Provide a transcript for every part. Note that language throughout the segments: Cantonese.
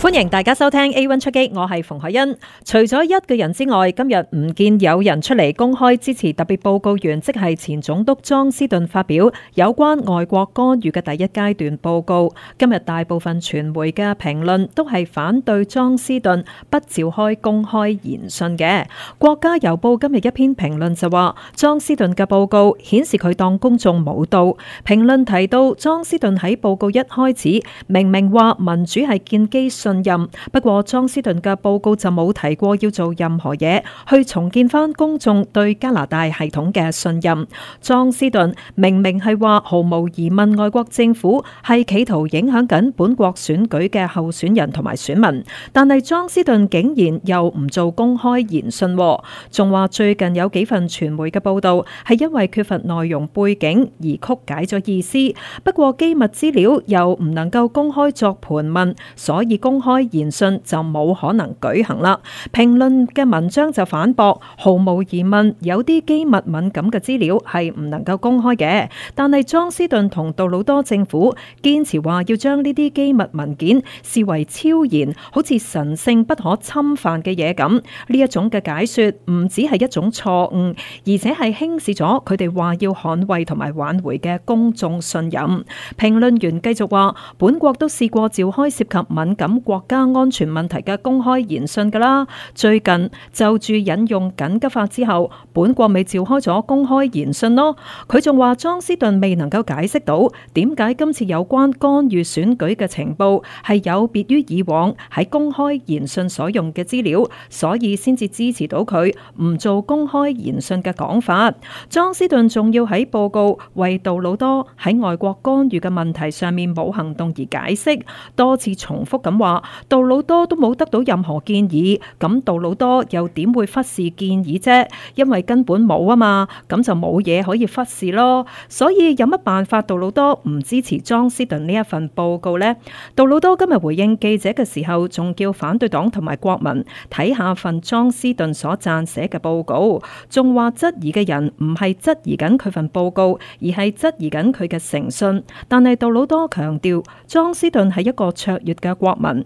歡迎大家收聽 A One 出擊，我係馮海恩。除咗一個人之外，今日唔見有人出嚟公開支持特別報告員，即係前總督莊斯頓發表有關外國干預嘅第一階段報告。今日大部分傳媒嘅評論都係反對莊斯頓不召開公開言訊嘅。國家郵報今日一篇評論就話，莊斯頓嘅報告顯示佢當公眾無道。評論提到，莊斯頓喺報告一開始明明話民主係建基上。信任。不過，莊斯頓嘅報告就冇提過要做任何嘢去重建翻公眾對加拿大系統嘅信任。莊斯頓明明係話毫無疑問，外國政府係企圖影響緊本國選舉嘅候選人同埋選民，但係莊斯頓竟然又唔做公開聆訊，哦，仲話最近有幾份傳媒嘅報道係因為缺乏內容背景而曲解咗意思。不過機密資料又唔能夠公開作盤問，所以公公開聆訊，就冇可能舉行啦。評論嘅文章就反駁，毫無疑問，有啲機密敏感嘅資料係唔能夠公開嘅。但係莊斯頓同杜魯多政府堅持話要將呢啲機密文件視為超然，好似神聖不可侵犯嘅嘢咁。呢一種嘅解說唔止係一種錯誤，而且係輕視咗佢哋話要捍衛同埋挽回嘅公眾信任。評論員繼續話，本國都試過召開涉及敏感。國家安全問題嘅公開聆訊㗎啦，最近就住引用緊急法之後，本國未召開咗公開聆訊咯。佢仲話，莊斯頓未能夠解釋到點解今次有關干預選舉嘅情報係有別於以往喺公開聆訊所用嘅資料，所以先至支持到佢唔做公開聆訊嘅講法。莊斯頓仲要喺報告為杜魯多喺外國干預嘅問題上面冇行動而解釋，多次重複咁話。杜魯多都冇得到任何建議，咁杜魯多又點會忽視建議啫？因為根本冇啊嘛，咁就冇嘢可以忽視咯。所以有乜辦法？杜魯多唔支持莊斯頓呢一份報告呢？杜魯多今日回應記者嘅時候，仲叫反對黨同埋國民睇下份莊斯頓所撰寫嘅報告，仲話質疑嘅人唔係質疑緊佢份報告，而係質疑緊佢嘅誠信。但係杜魯多強調，莊斯頓係一個卓越嘅國民。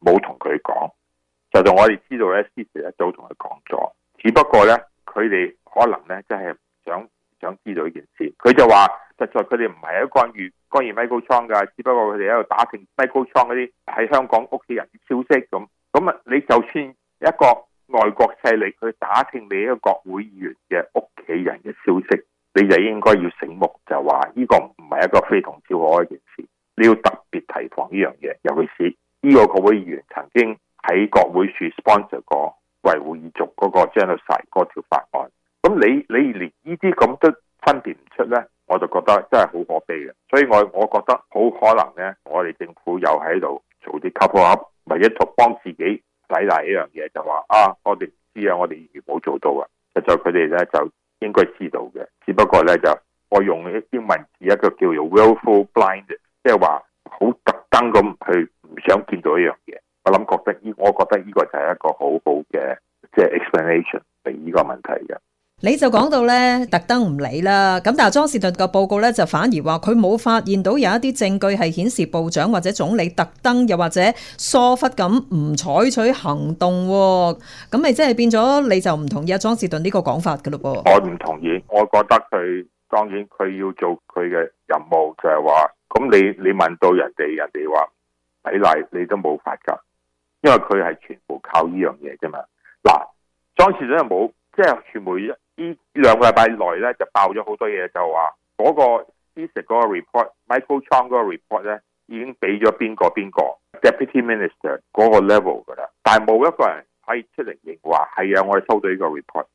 冇同佢講，就到我哋知道咧，CSIS 一早同佢講咗。只不過咧，佢哋可能咧，即係唔想唔想知道呢件事。佢就話，實在佢哋唔係喺度干預干預 Michael Chong 㗎，只不過佢哋喺度打聽 Michael Chong 嗰啲喺香港屋企人嘅消息咁。咁啊，你就算一個外國勢力去打聽你一個國會議員嘅屋企人嘅消息，你就應該要醒目，就話呢、這個唔係一個非同小可嘅一件事，你要特別提防呢樣嘢，尤其是。呢個國會議員曾經喺國會處 sponsor 過維吾爾族嗰個 genocide 嗰條法案，咁你你連呢啲咁都分辨唔出咧，我就覺得真係好可悲嘅。所以我我覺得好可能咧，我哋政府又喺度做啲 cover up，為咗幫自己抵賴一樣嘢，就話啊，我哋唔知啊，我哋冇做到啊。實在佢哋咧就應該知道嘅，只不過咧就我用一啲文字一個叫做 willful blindness，即係話好突。咁佢唔想見到一樣嘢，我諗覺得呢，我覺得呢個就係一個好好嘅即係 explanation 第二個問題嘅。你就講到咧特登唔理啦，咁但係莊士敦嘅報告咧就反而話佢冇發現到有一啲證據係顯示部長或者總理特登又或者疏忽咁唔採取行動。哦，咁咪即係變咗你就唔同意阿莊士敦呢個講法嘅咯噃？我唔同意，我覺得佢當然佢要做佢嘅任務就，就係話。咁你你問到人哋，人哋話抵賴，你都冇法噶，因為佢係全部靠呢樣嘢啫嘛。嗱，莊士敦又冇，即係傳媒兩呢兩個禮拜內咧就爆咗好多嘢，就話嗰個 CSIS 嗰個 report，Michael Chong 嗰個 report 咧已經俾咗邊個邊個 Deputy Minister 嗰個 level 噶啦，但係冇一個人可以出嚟認話係啊，我哋收到呢個 report。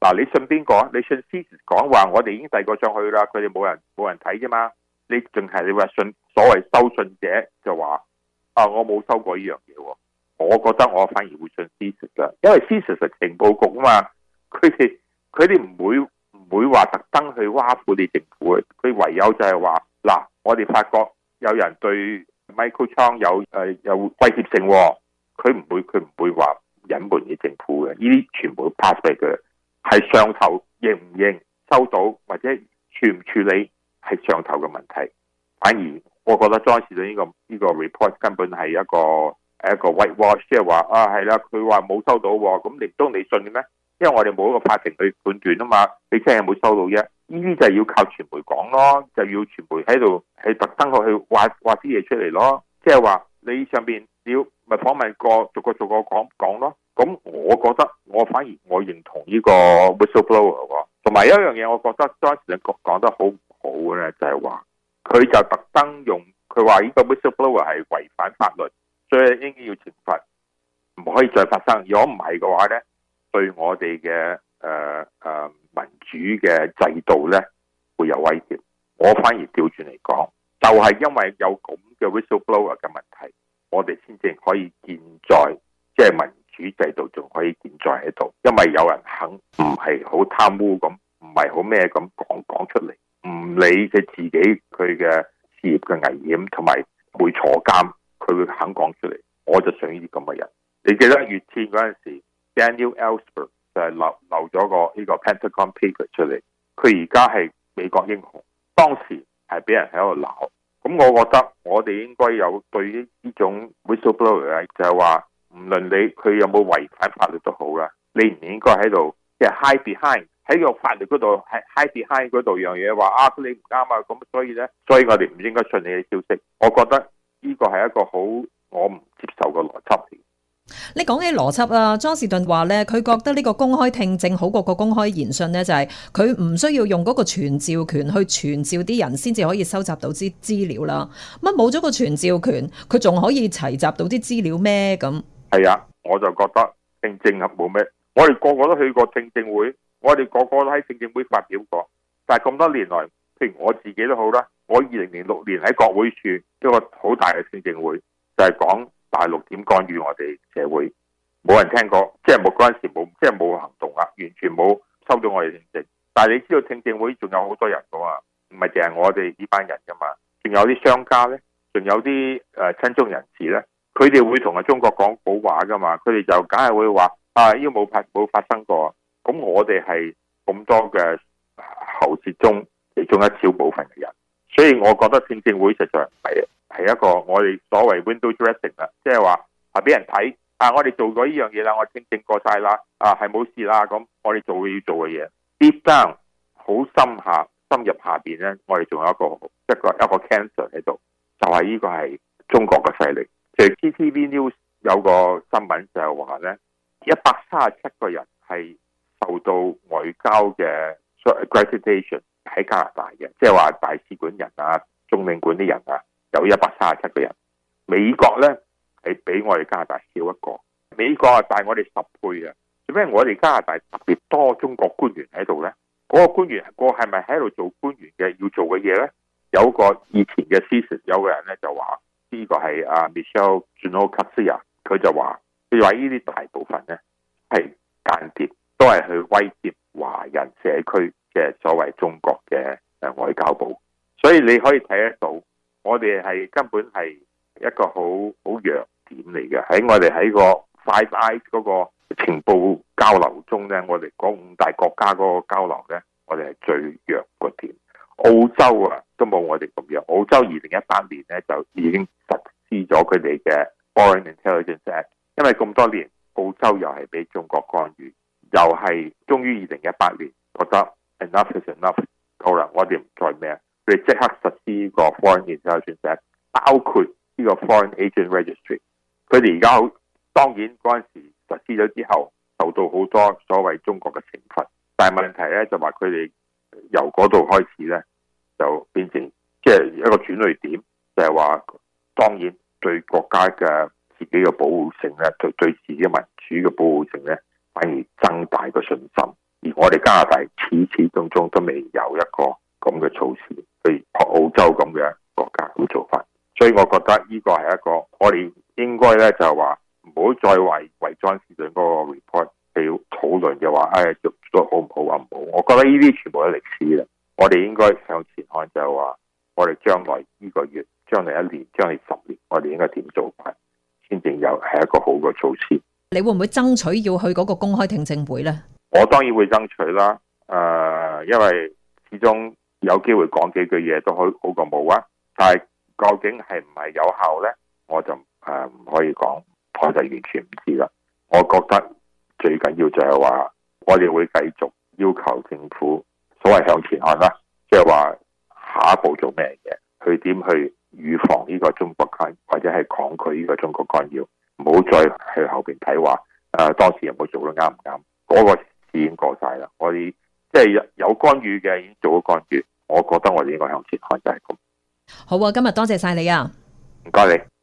嗱，你信邊個啊？你信 CSIS 講話，我哋已經遞過上去啦，佢哋冇人冇人睇啫嘛。你淨係你話信所謂收信者就話啊，我冇收過呢樣嘢，我覺得我反而會信 CSIS，因為 CSIS 係情報局啊嘛，佢哋佢哋唔會唔會話特登去挖苦你政府，佢唯有就係話嗱，我哋發覺有人對 Michael Chong 有誒、呃、有威脅性、哦，佢唔會佢唔會話隱瞞你政府嘅，呢啲全部 pass 俾佢，係上頭認唔認收到或者處唔處理？係上頭嘅問題，反而我覺得 j o 當時呢個呢、這個 report 根本係一個誒一個 white wash，即係話啊係啦，佢話冇收到，咁、哦、你都你信嘅咩？因為我哋冇一個法庭去判斷啊嘛，你真係冇收到啫，呢啲就係要靠傳媒講咯，就要傳媒喺度係特登去去挖挖啲嘢出嚟咯，即係話你上邊要咪訪問過逐個逐個講講咯，咁、嗯、我覺得我反而我認同呢個 whistleblower，同埋一樣嘢，我覺得 j o 時你講講得好。冇咧，就係話佢就特登用，佢話呢個 whistleblower 係違反法律，所以應該要懲罰，唔可以再發生。如果唔係嘅話咧，對我哋嘅誒誒民主嘅制度咧會有威脅。我反而調轉嚟講，就係、是、因為有咁嘅 whistleblower 嘅問題，我哋先至可以健在，即、就、係、是、民主制度仲可以健在喺度，因為有人肯唔係好貪污咁，唔係好咩咁講講出嚟。唔理佢自己佢嘅事業嘅危險同埋會坐監，佢會肯講出嚟，我就想呢啲咁嘅人。你記得越戰嗰陣時 ，Daniel Ellsberg 就係留留咗個呢個 Pentagon paper 出嚟，佢而家係美國英雄，當時係俾人喺度鬧。咁我覺得我哋應該有對於呢種 whistleblower，就係話唔論你佢有冇違反法律都好啦，你唔應該喺度即係 hide behind。喺個法律嗰度，high 啲 high 嗰度，樣嘢話啊，你唔啱啊，咁所以咧，所以我哋唔應該信你嘅消息。我覺得呢個係一個好，我唔接受嘅邏輯。你講起邏輯啊，莊士頓話咧，佢覺得呢個公開聽證好過個公開言訊咧，就係佢唔需要用嗰個傳召權去傳召啲人，先至可以收集到啲資料啦。乜冇咗個傳召權，佢仲可以齊集到啲資料咩？咁係啊，我就覺得聽證合冇咩，我哋個個都去過聽證會。我哋個個都喺聽證會發表過，但係咁多年來，譬如我自己都好啦，我二零零六年喺國會處一個好大嘅聽證會，就係、是、講大陸點干預我哋社會，冇人聽過，即係冇嗰陣時冇，即係冇行動啊，完全冇收到我哋聽證。但係你知道聽證會仲有好多人噶嘛，唔係淨係我哋呢班人噶嘛，仲有啲商家呢，仲有啲誒親中人士呢，佢哋會同啊中國講好話噶嘛，佢哋就梗係會話啊，呢個冇發冇發生過。咁我哋係咁多嘅喉舌中其中一小部分嘅人，所以我覺得聽證會實在係係一個我哋所謂 window dressing 啦，即係話係俾人睇啊。我哋做咗呢樣嘢啦，我哋聽證過晒啦啊，係冇事啦。咁我哋做要做嘅嘢 deep down 好深下深入下邊咧，我哋仲有一個一個一個 cancer 喺度，就係、是、呢個係中國嘅勢力。其實 TVB news 有個新聞就係話咧，一百三十七個人係受到外交嘅 graduation 喺加拿大嘅，即係話大使館人啊、中領館啲人啊，有一百三十七個人。美國咧係比我哋加拿大少一個，美國啊大我哋十倍啊！做咩？我哋加拿大特別多中國官員喺度咧。嗰、嗰個官員、嗰個係咪喺度做官員嘅要做嘅嘢咧？有個以前嘅先生有個人咧就話呢、這個係啊 Michel Juneau-Katsuya，佢就話佢話呢啲大部分咧。都係去威脅華人社區嘅所謂中國嘅誒外交部，所以你可以睇得到，我哋係根本係一個好好弱點嚟嘅。喺我哋喺個 Five Eyes 嗰個情報交流中咧，我哋嗰五大國家嗰個交流咧，我哋係最弱個點。澳洲啊，都冇我哋咁弱。澳洲二零一八年咧就已經實施咗佢哋嘅 Foreign Intelligence Act，因為咁多年澳洲又係俾中國干預。又係終於二零一八年覺得 enough is enough，夠啦，我哋唔再咩，佢哋即刻實施個 foreign agent 註冊包括呢個 foreign agent registry。佢哋而家好，當然嗰陣時實施咗之後，受到好多所謂中國嘅懲罰。但係問題咧就話佢哋由嗰度開始咧就變成即係一個轉捩點，就係、是、話當然對國家嘅自己嘅保護性咧，對對自己嘅民主嘅保護性咧。反而增大個信心，而我哋加拿大始始終終都未有一個咁嘅措施，譬如學澳洲咁嘅國家咁做法。所以我覺得呢個係一個我哋應該咧就係話唔好再為為莊士頓嗰個 report 去討論嘅話，誒、哎、做做得好唔好啊？唔好，我覺得呢啲全部都歷史啦。我哋應該向前看就，就話我哋將來呢個月，將來一年、將來十年，我哋應該點做法，先定有係一個好嘅措施。你會唔會爭取要去嗰個公開聽證會呢？我當然會爭取啦，誒、呃，因為始終有機會講幾句嘢都好，好過冇啊。但係究竟係唔係有效呢？我就誒唔、呃、可以講，我就完全唔知啦。我覺得最緊要就係話，我哋會繼續要求政府所謂向前看啦，即係話下一步做咩嘢，去點去預防呢個中國干擾或者係抗拒呢個中國干擾。唔好再去後邊睇話，誒、呃，當時有冇做得啱唔啱？嗰個事已經過晒啦，我哋即係有干預嘅，已經做咗干預。我覺得我哋應該向前看就係咁。好啊，今日多謝晒你啊，唔該你。